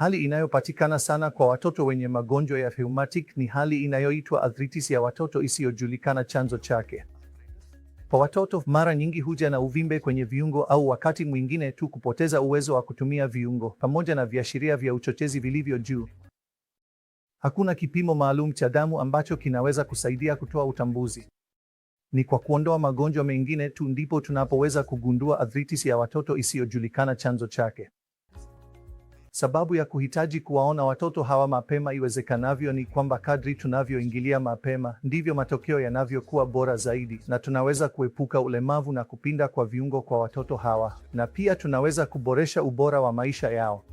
Hali inayopatikana sana kwa watoto wenye magonjwa ya rheumatic ni hali inayoitwa arthritis ya watoto isiyojulikana chanzo chake. Kwa watoto mara nyingi huja na uvimbe kwenye viungo au wakati mwingine tu kupoteza uwezo wa kutumia viungo pamoja na viashiria vya uchochezi vilivyo juu. Hakuna kipimo maalum cha damu ambacho kinaweza kusaidia kutoa utambuzi. Ni kwa kuondoa magonjwa mengine tu ndipo tunapoweza kugundua arthritis ya watoto isiyojulikana chanzo chake. Sababu ya kuhitaji kuwaona watoto hawa mapema iwezekanavyo ni kwamba kadri tunavyoingilia mapema ndivyo matokeo yanavyokuwa bora zaidi, na tunaweza kuepuka ulemavu na kupinda kwa viungo kwa watoto hawa, na pia tunaweza kuboresha ubora wa maisha yao.